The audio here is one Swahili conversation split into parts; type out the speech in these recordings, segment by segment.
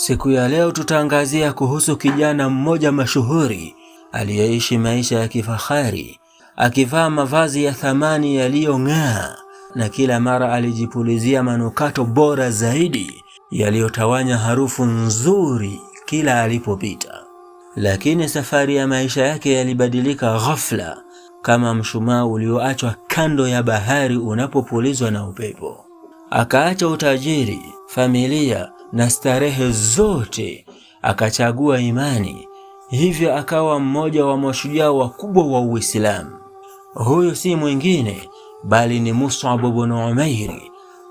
Siku ya leo tutaangazia kuhusu kijana mmoja mashuhuri aliyeishi maisha ya kifahari, akivaa mavazi ya thamani yaliyong'aa, na kila mara alijipulizia manukato bora zaidi yaliyotawanya harufu nzuri kila alipopita. Lakini safari ya maisha yake yalibadilika ghafla, kama mshumaa ulioachwa kando ya bahari unapopulizwa na upepo. Akaacha utajiri, familia na starehe zote, akachagua imani, hivyo akawa mmoja wa mashujaa wakubwa wa Uislamu. Huyo si mwingine bali ni Mus'ab ibn Umair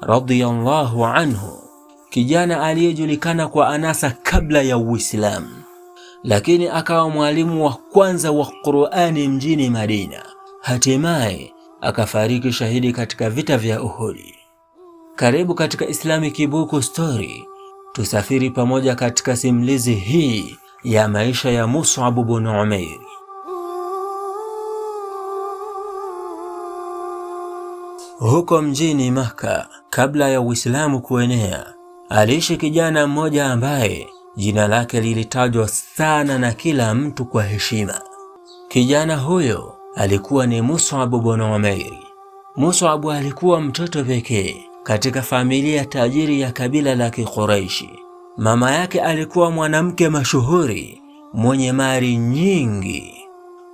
radhiyallahu anhu, kijana aliyejulikana kwa anasa kabla ya Uislamu, lakini akawa mwalimu wa kwanza wa Qur'ani mjini Madina. Hatimaye akafariki shahidi katika vita vya Uhud. Karibu katika Islamic Book Story. Tusafiri pamoja katika simulizi hii ya maisha ya Mus'ab bin Umair. Huko mjini Makka, kabla ya Uislamu kuenea, aliishi kijana mmoja ambaye jina lake lilitajwa sana na kila mtu kwa heshima. Kijana huyo alikuwa ni Mus'ab bin Umair. Mus'ab alikuwa mtoto pekee katika familia tajiri ya kabila la Kikureishi. Mama yake alikuwa mwanamke mashuhuri mwenye mali nyingi.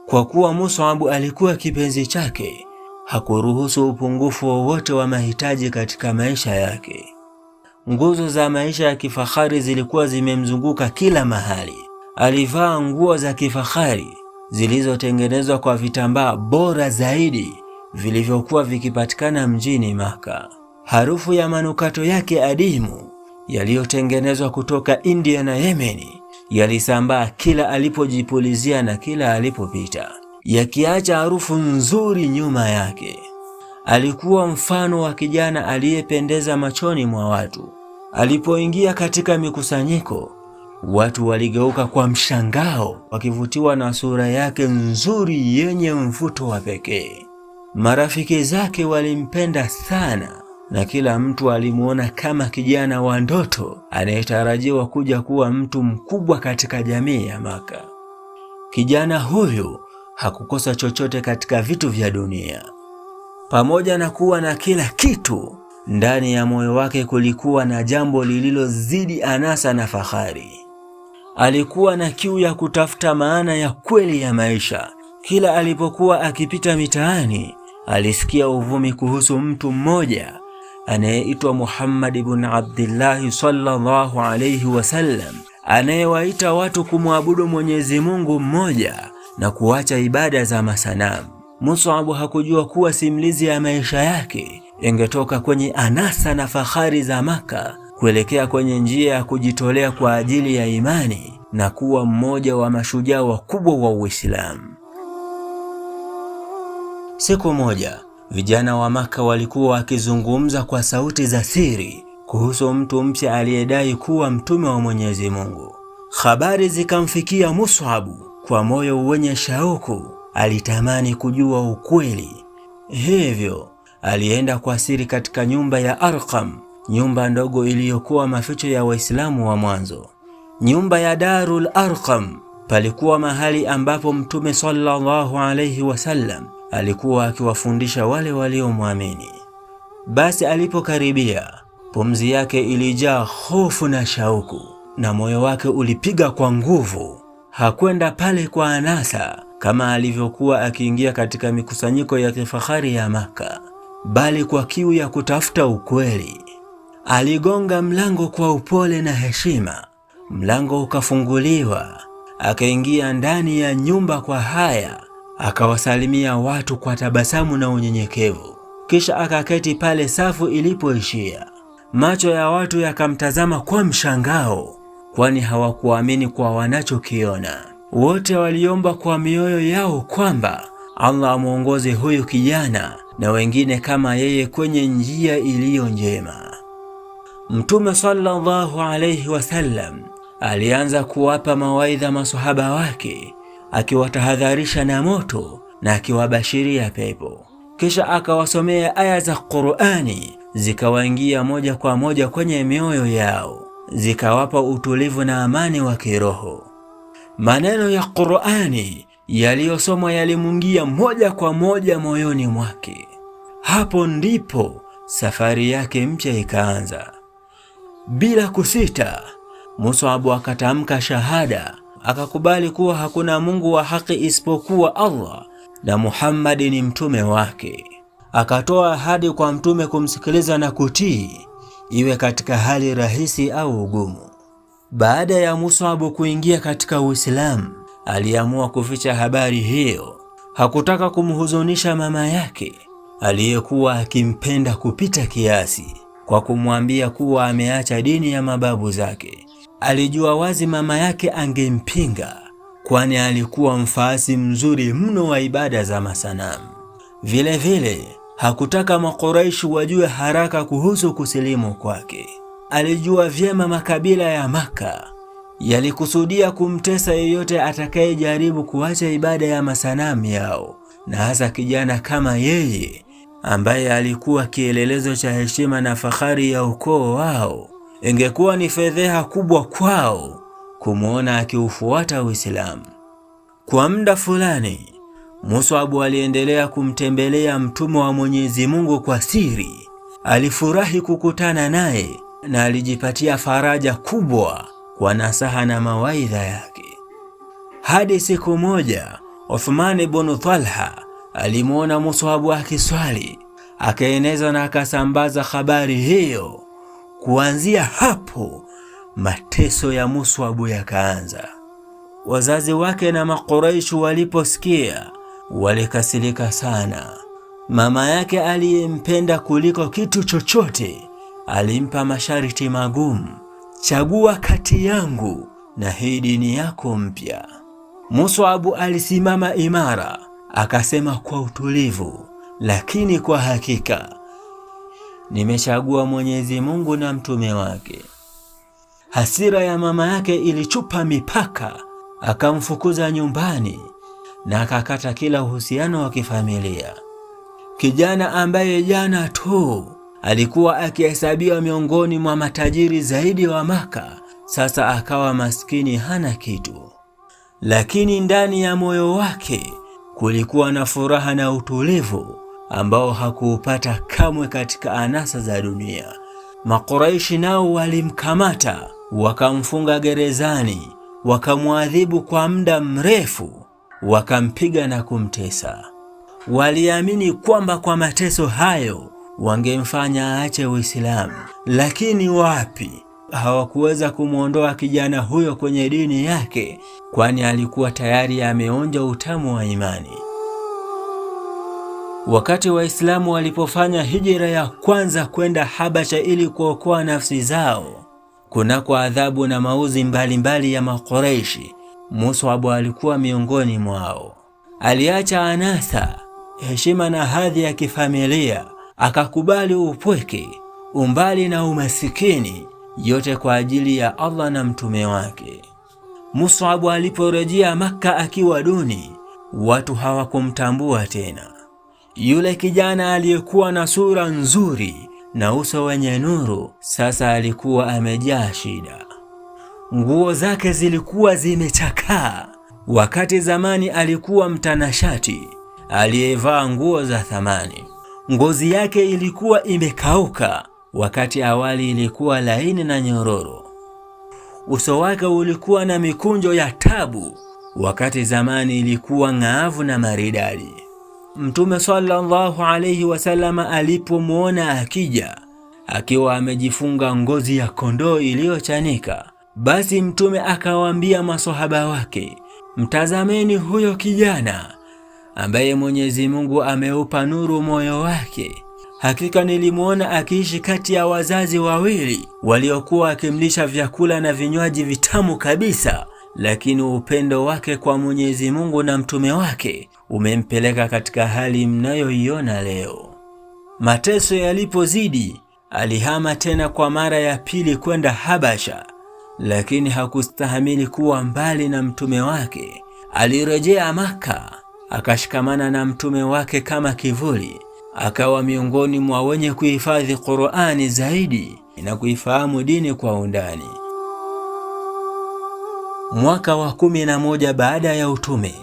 Kwa kuwa Mus'ab alikuwa kipenzi chake, hakuruhusu upungufu wowote wa mahitaji katika maisha yake. Nguzo za maisha ya kifahari zilikuwa zimemzunguka kila mahali. Alivaa nguo za kifahari zilizotengenezwa kwa vitambaa bora zaidi vilivyokuwa vikipatikana mjini Maka harufu ya manukato yake adimu yaliyotengenezwa kutoka India na Yemeni yalisambaa kila alipojipulizia na kila alipopita, yakiacha harufu nzuri nyuma yake. Alikuwa mfano wa kijana aliyependeza machoni mwa watu. Alipoingia katika mikusanyiko, watu waligeuka kwa mshangao, wakivutiwa na sura yake nzuri yenye mvuto wa pekee. Marafiki zake walimpenda sana na kila mtu alimwona kama kijana wa ndoto anayetarajiwa kuja kuwa mtu mkubwa katika jamii ya Maka. Kijana huyu hakukosa chochote katika vitu vya dunia. Pamoja na kuwa na kila kitu, ndani ya moyo wake kulikuwa na jambo lililozidi anasa na fahari. Alikuwa na kiu ya kutafuta maana ya kweli ya maisha. Kila alipokuwa akipita mitaani, alisikia uvumi kuhusu mtu mmoja anayeitwa Muhammad ibn Abdillahi sallallahu alayhi wasallam, anayewaita watu kumwabudu Mwenyezi Mungu mmoja na kuacha ibada za masanamu. Mus'ab hakujua kuwa simulizi ya maisha yake ingetoka kwenye anasa na fahari za Maka kuelekea kwenye njia ya kujitolea kwa ajili ya imani na kuwa mmoja wa mashujaa wakubwa wa Uislamu. Siku moja Vijana wa Maka walikuwa wakizungumza kwa sauti za siri kuhusu mtu mpya aliyedai kuwa mtume wa Mwenyezi Mungu. Habari zikamfikia Mus'abu kwa moyo wenye shauku, alitamani kujua ukweli. Hivyo alienda kwa siri katika nyumba ya Arqam, nyumba ndogo iliyokuwa maficho ya Waislamu wa mwanzo. Nyumba ya Darul Arqam palikuwa mahali ambapo Mtume sallallahu alayhi wasallam alikuwa akiwafundisha wale waliomwamini. Basi alipokaribia, pumzi yake ilijaa hofu na shauku, na moyo wake ulipiga kwa nguvu. Hakwenda pale kwa anasa kama alivyokuwa akiingia katika mikusanyiko ya kifahari ya maka bali kwa kiu ya kutafuta ukweli. Aligonga mlango kwa upole na heshima. Mlango ukafunguliwa, akaingia ndani ya nyumba kwa haya akawasalimia watu kwa tabasamu na unyenyekevu, kisha akaketi pale safu ilipoishia. Macho ya watu yakamtazama kwa mshangao, kwani hawakuamini kwa wanachokiona. Wote waliomba kwa mioyo yao kwamba Allah amwongoze huyu kijana na wengine kama yeye kwenye njia iliyo njema. Mtume sallallahu alayhi wasallam alianza kuwapa mawaidha masahaba wake akiwatahadharisha na moto na akiwabashiria pepo. Kisha akawasomea aya za Qur'ani zikawaingia moja kwa moja kwenye mioyo yao, zikawapa utulivu na amani wa kiroho. Maneno ya Qur'ani yaliyosomwa yalimungia moja kwa moja moyoni mwake. Hapo ndipo safari yake mpya ikaanza. Bila kusita, Mus'ab akatamka shahada akakubali kuwa hakuna Mungu wa haki isipokuwa Allah na Muhammadi ni mtume wake. Akatoa ahadi kwa mtume kumsikiliza na kutii, iwe katika hali rahisi au ugumu. Baada ya musabu kuingia katika Uislamu, aliamua kuficha habari hiyo. Hakutaka kumhuzunisha mama yake aliyekuwa akimpenda kupita kiasi, kwa kumwambia kuwa ameacha dini ya mababu zake Alijua wazi mama yake angempinga, kwani alikuwa mfaasi mzuri mno wa ibada za masanamu. Vilevile hakutaka Makuraishi wajue haraka kuhusu kusilimu kwake. Alijua vyema makabila ya Maka yalikusudia kumtesa yeyote atakayejaribu kuacha ibada ya masanamu yao, na hasa kijana kama yeye ambaye alikuwa kielelezo cha heshima na fahari ya ukoo wao ingekuwa ni fedheha kubwa kwao kumwona akiufuata Uislamu. Kwa muda fulani, Muswabu aliendelea kumtembelea mtume wa Mwenyezi Mungu kwa siri. Alifurahi kukutana naye na alijipatia faraja kubwa kwa nasaha na mawaidha yake, hadi siku moja Uthman ibn Talha alimwona Muswabu akiswali, akaeneza na akasambaza habari hiyo Kuanzia hapo mateso ya Muswabu yakaanza. Wazazi wake na Makoraishu waliposikia walikasirika sana. Mama yake aliyempenda kuliko kitu chochote alimpa masharti magumu: chagua kati yangu na hii dini yako mpya. Muswabu alisimama imara, akasema kwa utulivu lakini kwa hakika nimechagua Mwenyezi Mungu na mtume wake. Hasira ya mama yake ilichupa mipaka, akamfukuza nyumbani na akakata kila uhusiano wa kifamilia. Kijana ambaye jana tu alikuwa akihesabiwa miongoni mwa matajiri zaidi wa Maka, sasa akawa maskini, hana kitu, lakini ndani ya moyo wake kulikuwa na furaha na utulivu ambao hakuupata kamwe katika anasa za dunia. Makuraishi nao walimkamata wakamfunga gerezani, wakamwadhibu kwa muda mrefu, wakampiga na kumtesa. Waliamini kwamba kwa mateso hayo wangemfanya aache Uislamu, lakini wapi, hawakuweza kumwondoa kijana huyo kwenye dini yake, kwani alikuwa tayari ameonja utamu wa imani. Wakati Waislamu walipofanya hijira ya kwanza kwenda Habasha ili kuokoa nafsi zao kunako adhabu na mauzi mbalimbali mbali ya Makoreishi, Mus'ab alikuwa miongoni mwao. Aliacha anasa, heshima na hadhi ya kifamilia, akakubali upweke, umbali na umasikini, yote kwa ajili ya Allah na mtume wake. Mus'ab aliporejea Makka akiwa duni, watu hawakumtambua tena. Yule kijana aliyekuwa na sura nzuri na uso wenye nuru sasa alikuwa amejaa shida. Nguo zake zilikuwa zimechakaa, wakati zamani alikuwa mtanashati aliyevaa nguo za thamani. Ngozi yake ilikuwa imekauka, wakati awali ilikuwa laini na nyororo. Uso wake ulikuwa na mikunjo ya tabu, wakati zamani ilikuwa ng'aavu na maridadi. Mtume sallallahu alayhi wasallam alipomwona akija akiwa amejifunga ngozi ya kondoo iliyochanika, basi Mtume akawaambia maswahaba wake, mtazameni huyo kijana ambaye Mwenyezi Mungu ameupa nuru moyo wake. Hakika nilimwona akiishi kati ya wazazi wawili waliokuwa wakimlisha vyakula na vinywaji vitamu kabisa lakini upendo wake kwa Mwenyezi Mungu na mtume wake umempeleka katika hali mnayoiona leo. Mateso yalipozidi, alihama tena kwa mara ya pili kwenda Habasha, lakini hakustahamili kuwa mbali na mtume wake. Alirejea Maka, akashikamana na mtume wake kama kivuli, akawa miongoni mwa wenye kuhifadhi Qur'ani zaidi na kuifahamu dini kwa undani. Mwaka wa kumi na moja baada ya utume,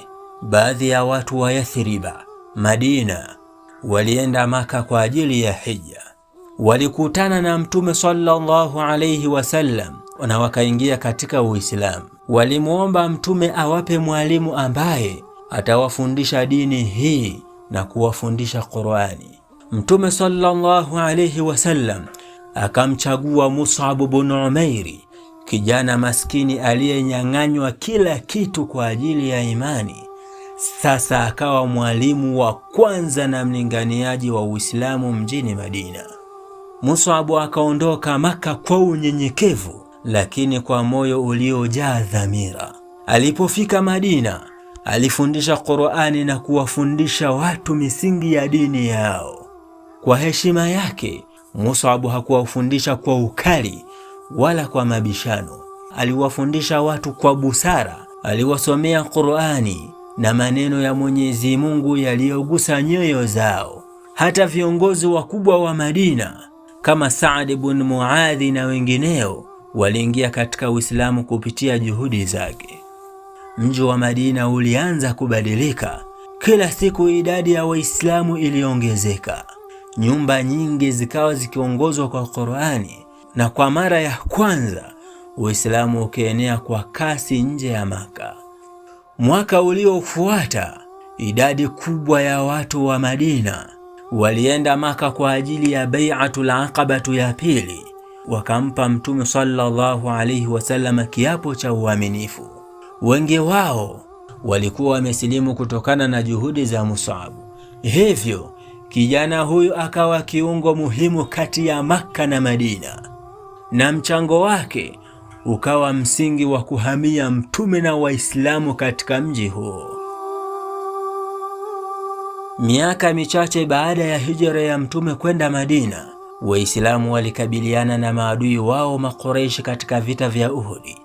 baadhi ya watu wa Yathriba, Madina, walienda Maka kwa ajili ya hija. Walikutana na Mtume sallallahu alayhi wasallam na wakaingia katika Uislamu. Walimwomba Mtume awape mwalimu ambaye atawafundisha dini hii na kuwafundisha Qur'ani. Mtume sallallahu alayhi wasallam akamchagua Mus'ab bin Umairi Kijana maskini aliyenyang'anywa kila kitu kwa ajili ya imani, sasa akawa mwalimu wa kwanza na mlinganiaji wa Uislamu mjini Madina. musabu akaondoka Maka kwa unyenyekevu, lakini kwa moyo uliojaa dhamira. Alipofika Madina, alifundisha Qur'ani na kuwafundisha watu misingi ya dini yao. Kwa heshima yake, musabu hakuwafundisha kwa ukali wala kwa mabishano. Aliwafundisha watu kwa busara, aliwasomea Qur'ani na maneno ya Mwenyezi Mungu yaliyogusa nyoyo zao. Hata viongozi wakubwa wa Madina kama Saad ibn Muadhi na wengineo waliingia katika Uislamu kupitia juhudi zake. Mji wa Madina ulianza kubadilika. Kila siku idadi ya Waislamu iliongezeka, nyumba nyingi zikawa zikiongozwa kwa Qur'ani na kwa mara ya kwanza Uislamu ukienea kwa kasi nje ya Maka. Mwaka uliofuata idadi kubwa ya watu wa Madina walienda Maka kwa ajili ya bai'atul aqabatu ya pili, wakampa Mtume sallallahu alaihi wasallam kiapo cha uaminifu. Wengi wao walikuwa wamesilimu kutokana na juhudi za Musabu, hivyo kijana huyu akawa kiungo muhimu kati ya Makka na Madina na mchango wake ukawa msingi wa kuhamia mtume na Waislamu katika mji huo. Miaka michache baada ya hijra ya mtume kwenda Madina, Waislamu walikabiliana na maadui wao Makoreishi katika vita vya Uhudi.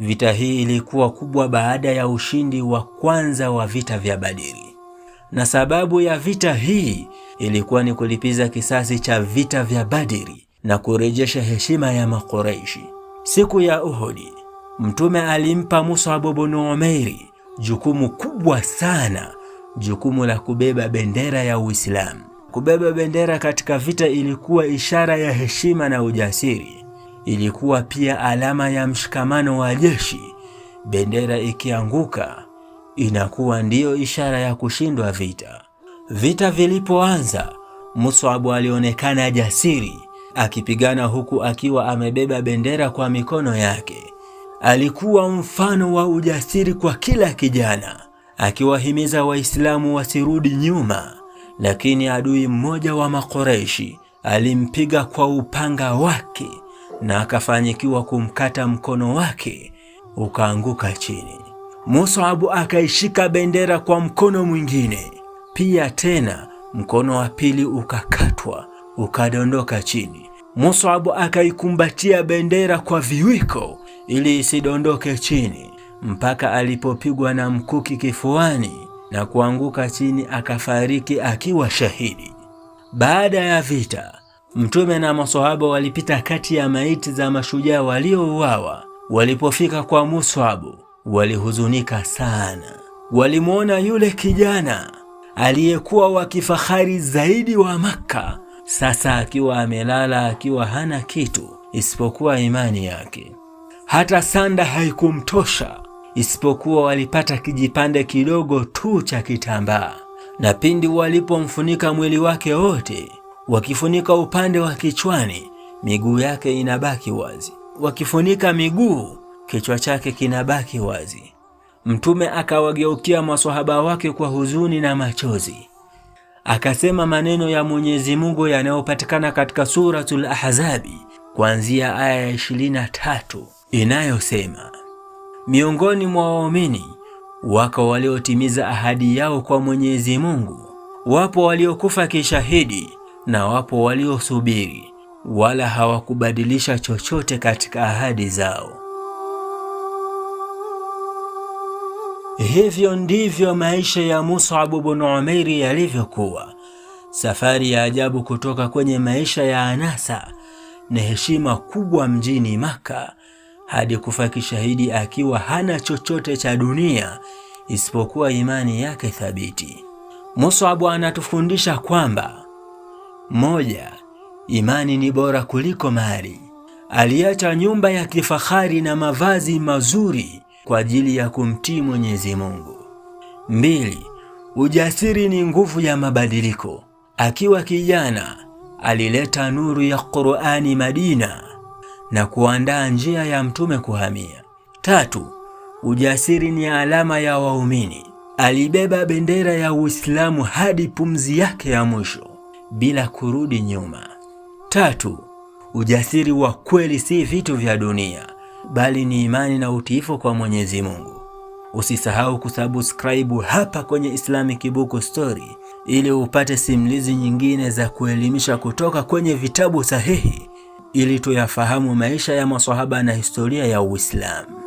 Vita hii ilikuwa kubwa baada ya ushindi wa kwanza wa vita vya Badiri, na sababu ya vita hii ilikuwa ni kulipiza kisasi cha vita vya Badiri na kurejesha heshima ya Makureishi. Siku ya Uhudi, Mtume alimpa Mus'ab bin Umair jukumu kubwa sana, jukumu la kubeba bendera ya Uislamu. Kubeba bendera katika vita ilikuwa ishara ya heshima na ujasiri, ilikuwa pia alama ya mshikamano wa jeshi. Bendera ikianguka inakuwa ndiyo ishara ya kushindwa vita. Vita vilipoanza, Mus'ab alionekana jasiri akipigana huku akiwa amebeba bendera kwa mikono yake. Alikuwa mfano wa ujasiri kwa kila kijana, akiwahimiza Waislamu wasirudi nyuma, lakini adui mmoja wa Makoreshi alimpiga kwa upanga wake na akafanyikiwa kumkata mkono wake ukaanguka chini. musabu akaishika bendera kwa mkono mwingine pia, tena mkono wa pili ukakatwa ukadondoka chini. musabu akaikumbatia bendera kwa viwiko ili isidondoke chini mpaka alipopigwa na mkuki kifuani na kuanguka chini akafariki akiwa shahidi. Baada ya vita, Mtume na maswahaba walipita kati ya maiti za mashujaa waliouawa. Walipofika kwa Muswabu, walihuzunika sana. Walimwona yule kijana aliyekuwa wa kifahari zaidi wa Makka sasa akiwa amelala, akiwa hana kitu isipokuwa imani yake. Hata sanda haikumtosha, isipokuwa walipata kijipande kidogo tu cha kitambaa, na pindi walipomfunika mwili wake wote, wakifunika upande wa kichwani, miguu yake inabaki wazi, wakifunika miguu, kichwa chake kinabaki wazi. Mtume akawageukia maswahaba wake kwa huzuni na machozi, akasema maneno ya Mwenyezi Mungu yanayopatikana katika Suratul Ahzabi kuanzia aya ya 23 inayosema, miongoni mwa waumini wako waliotimiza ahadi yao kwa Mwenyezi Mungu, wapo waliokufa kishahidi na wapo waliosubiri, wala hawakubadilisha chochote katika ahadi zao. Hivyo ndivyo maisha ya Mus'ab ibn Umair yalivyokuwa, safari ya ajabu kutoka kwenye maisha ya anasa na heshima kubwa mjini Maka hadi kufa kishahidi akiwa hana chochote cha dunia isipokuwa imani yake thabiti. Mus'ab anatufundisha kwamba moja, imani ni bora kuliko mali. Aliacha nyumba ya kifahari na mavazi mazuri kwa ajili ya kumtii Mwenyezi Mungu. Mbili, ujasiri ni nguvu ya mabadiliko. Akiwa kijana alileta nuru ya Qur'ani Madina na kuandaa njia ya mtume kuhamia. Tatu, ujasiri ni alama ya waumini. Alibeba bendera ya Uislamu hadi pumzi yake ya mwisho bila kurudi nyuma. Tatu, ujasiri wa kweli si vitu vya dunia bali ni imani na utiifu kwa Mwenyezi Mungu. Usisahau kusubscribe hapa kwenye Islamic Book Story ili upate simulizi nyingine za kuelimisha kutoka kwenye vitabu sahihi ili tuyafahamu maisha ya maswahaba na historia ya Uislamu.